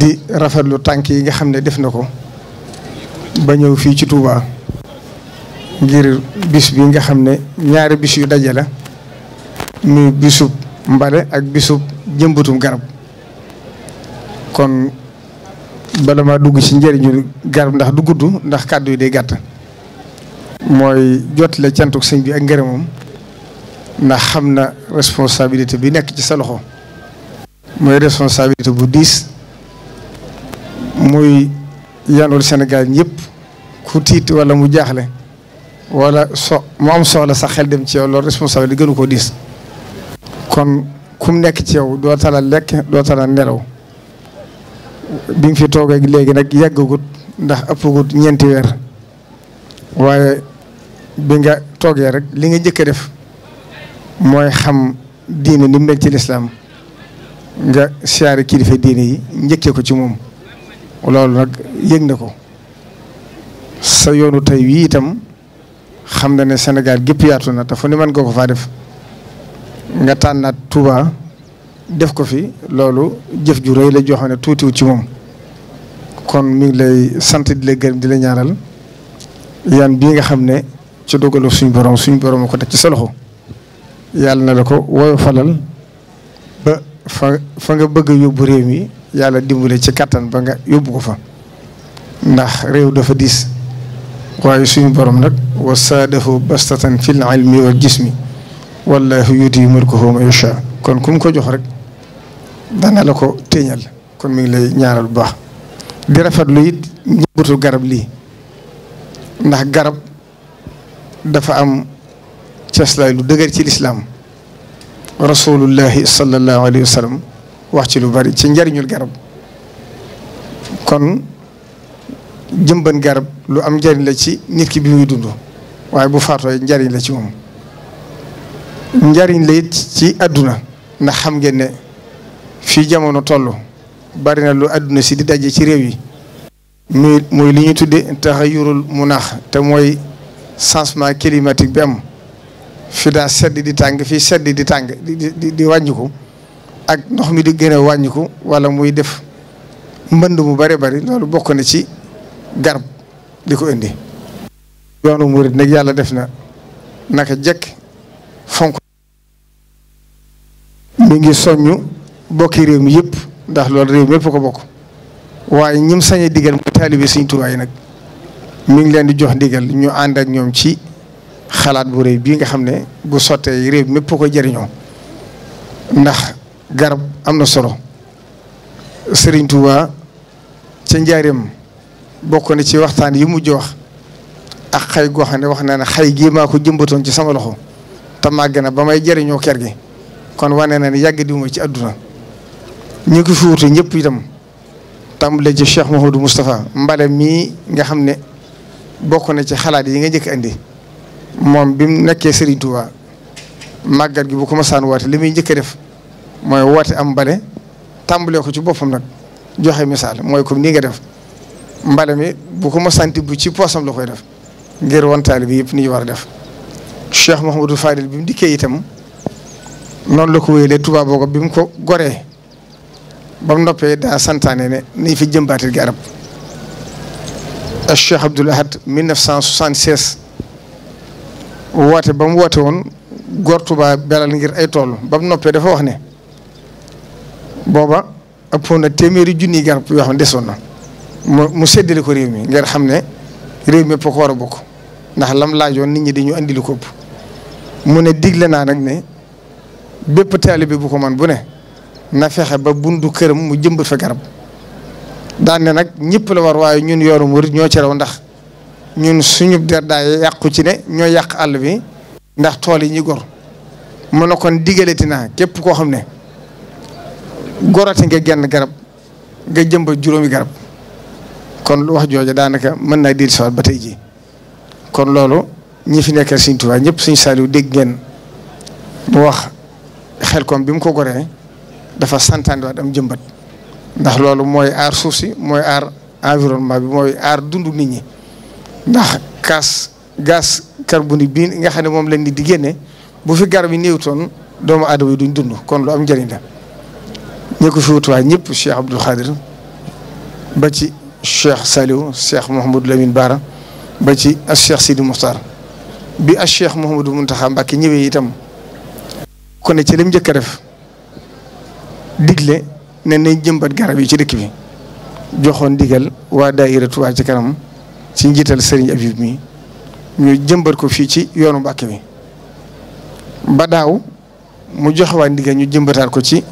di rafetlu tànk yi nga xam ne def na ko ba ñëw fii ci Touba ngir bis bi nga xam ne ñaari bis yu daje la muy bisub mbale ak bisub jëmbatum garab kon bala ma dugg ci njëriñu garab ndax du gudd ndax kàddu yi day gàtt mooy jot la cantuk sëñ bi ak ngërëmam ndax xam na responsabilité bi nekk ci sa loxo mooy responsabilité bu diis muy yanul Sénégal ñëpp ku tiit wala mu jaaxle walla so mu am sola sax xel dem ci yow loolu di gënu koo diis kon kum nekk ci yow doo tala lekk doo tala nelaw bi nga fi toogee léegi nag yàggagut ndax ëppagut ñeenti weer waaye bi toogee rek li nga njëkk a def mooy xam diine ni mu mel ci lislaam nga siyaare kilifa diine yi njëkkee ko ci moom loolu nag yëg na ko sa yoonu tey wii itam xam na ne Sénégal gépp yaatu na te fu ni mën ko faa def nga tànnaat Touba def ko fi loolu jëf ju rëy la joo xam ne tuutiwut ci moom kon mi ngi lay sant di la gërëm di la ñaaral yan bii nga xam ne ci dogalu suñ borom suñ borom ko teg ci sa loxo yàlla na la ko woyofalal ba fa fa nga bëgg a yóbbu réew mi yàlla dimbale ci kattan ba nga yóbbu ko fa ndax réew dafa diis waaye suñu boroom nag wa saadahu bastatan fil ilmi wal jismi wallahu yuti mulkahu man yasha kon ku mu ko jox rek danga la ko téeñal kon mi ngi lay ñaaral bu baax di rafetlu it njëmbatu garab lii ndax garab dafa am ceslaay lu dëgër ci lislaam rasulullahi sallallahu alayhi wa sallam wax ci lu bari ci njariñul garab kon jëmban garab lu am njariñ la ci nit ki bi muy dund waaye bu faatoo njariñ la ci moom njariñ la it ci àdduna ndax xam ngeen ne fii jamono toll bari na lu àdduna si di daje ci réew yi muy muy li ñu tudde taxayurul mu naax te mooy changement climatique bi am fi daa sedd di tàng fii sedd di tàng di di di wàññiku ak ndox mi di gën a wàññiku wala muy def mbënd mu bari bari loolu bokk na ci garab di ko indi yoonu murit nag yàlla def na naka jekk fonk mi ngi soññu bokki réew mi yëpp ndax loolu réew mi ko bokk waaye ñim sañ a digal mu taalibe Sëriñ Tuubaa nag mi ngi leen di jox ndigal ñu ànd ak ñoom ci xalaat bu rëy bii nga xam ne bu sottee réew mépp ko jëriñoo ndax garab am na solo Serigne Touba ca njaareem bokk na ci waxtaan yi mujj wax ak xay goo xam ne wax naa ne xay gii maa ko jëmbatoon ci sama loxo te màgg na ba may jëriñoo ker gi kon wane na ne yàgg di ma ci àdduna ñu ko fi wuute ñëpp itam tàmbale ci Cheikh Mouhamadou Moustapha Mbale mii nga xam ne bokk na ci xalaat yi nga njëkk andi moom bi mu nekkee Serigne Touba màggat gi bu ko masaan waate li muy njëkk a def. mooy woote am mbale tàmbalee ko ci boppam nag joxe misaal mooy comme nii nga def mbale mi bu ko ma santi bu ci poosam la koy def ngir wantaali bi yëpp ni ñu war a def Cheikh Mouhamadou Fadil bi mu dikkee itam noonu la ko wéyalee Touba boobu bi mu ko goree ba noppee daa santaane ne nañ fi jëmbaatil garab Cheikh Abdoul Ahad 1976 woote ba mu woote woon góor Touba belal ngir ay tool ba mu noppee dafa wax ne booba ëppoon na téeméeri junni garab yoo xam ne desoon na mu mu séddale ko réew mi ngeen xam ne réew mi ko war a bokk ndax lam laajoon nit ñi dañu andi lu ëpp mu ne digle naa nag ne bépp taalibe bu ko man bu ne na fexe ba bundu këram mu jëmbat fa garab daan ne nag ñëpp la war waaye ñun yoonu murid ñoo ci ndax ñun suñu der daay yàqu ci ne ñoo yàq àll bi ndax tool yi ñuy gor mu ne kon digalati naa képp koo xam ne. gorate nga genn garab nga jëmbat juróomi garab kon wax jooja daanaka mën naa dir si ba tey jii kon loolu ñi fi nekkal Sëriñ Tuubaa ñëpp Sëriñ Saaliw dégg ngeen mu wax xel kom bi mu ko goree dafa santaandi waat am jëmbat ndax loolu mooy aar suuf si mooy aar environnement bi mooy aar dund nit ñi ndax kaas gaz carbonique bi nga xam ne moom lañ ni di génne bu fi garab yi néewtoon doomu aadama yi duñ dund kon lu am njëriñ la. ñi ko fi wutuwaay ñëpp Cheikh Abdoul Khadir ba ci Cheikh Saliou Cheikh Mouhamadou Lamine ba ci as Cheikh Sidi Mokhtar bi as Cheikh Mouhamadou Mountakha Mbacké ñëwee itam. kon ne ci lim njëkk a def digle ne nañ jëmbat garab yi ci dëkk bi joxoon ndigal waa daayira Touba ci kanam ci njiital Serigne Abib mi ñu jëmbat ko fii ci yoonu Mbacké bi ba daaw mu jox ndigal ñu jëmbataat ko ci.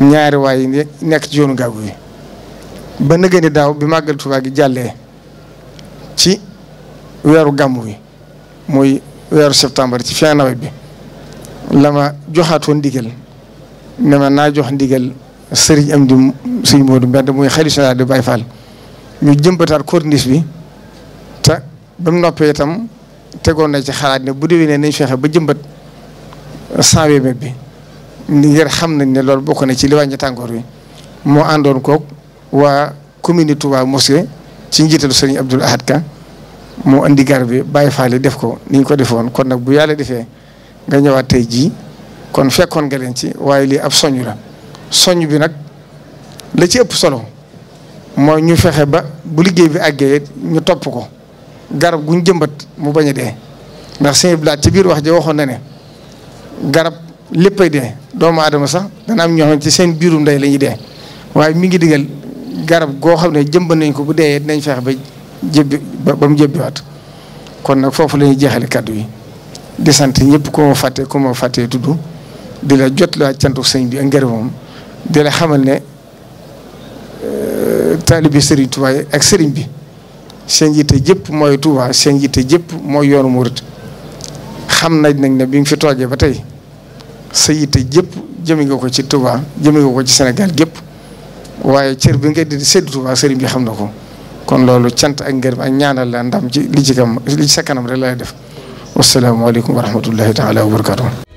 ñaari waay yi nekk ci yoonu gàggu wi ba nëgëni daaw bi màggal Tuubaa gi jàllee ci weeru gàmmu wi mooy weeru septembre ci fin nawet bi la ma joxaatoon ndigal ne ma naa jox ndigal sëriñ am di sëñ Moodu Mbend muy xalifa général di Baay Faal ñu jëmbataat corniche bi te ba mu noppee itam tegoon na ci xalaat ne bu déwénee nañ fexe ba jëmbat cent bi ni ngir xam nañ ne loolu bokk na ci li wàññi tàngoor wi moo àndoon koog waa commune Touba Mosquée ci njiitalu sëriñ Abdoul Ahad Ka moo indi garab yi bàyyi faale def ko niñ ñu ko defoon kon nag bu yàlla defee nga ñëwaat tey jii kon fekkoon nga leen ci waaye lii ab soñu la soñu bi nag la ci ëpp solo mooy ñu fexe ba bu liggéey bi àggee ñu topp ko garab guñ jëmbat mu bañ a dee ndax seen i blaat ci biir wax ji waxoon na ne garab léppay dee. doomu aadama sax dana am ñoo xam ci seen biirum ndey la ñuy dee waaye mi ngi digal garab goo xam ne jëmba nañ ko bu dee dinañ feex ba jébbi ba mu jébbiwaat kon nag foofu la ñuy jeexale kàddu yi di sant ñëpp ku ma fàtte ku ma fàttee tudd di la jot laa cantu sëñ bi ak moom di la xamal ne euh, taalibi sëriñ Tuubaa ak sëriñ bi seen yitte jëpp mooy Tuubaa seen yitte jëpp mooy yoonu murit xam nañ nag ne bi nga fi toogee ba tey sa yitte jëpp jëmi nga ko ci Touba jëmi nga ko ci senegal gépp waaye cër bi nga di séddu Touba sëriñ bi xam na ko kon loolu cant ak ngërëm ak ñaanal la ndam ci li ci kam li ci sa rek lay def wasalaamaaleykum wa rahmatullahi taala wa barakatuh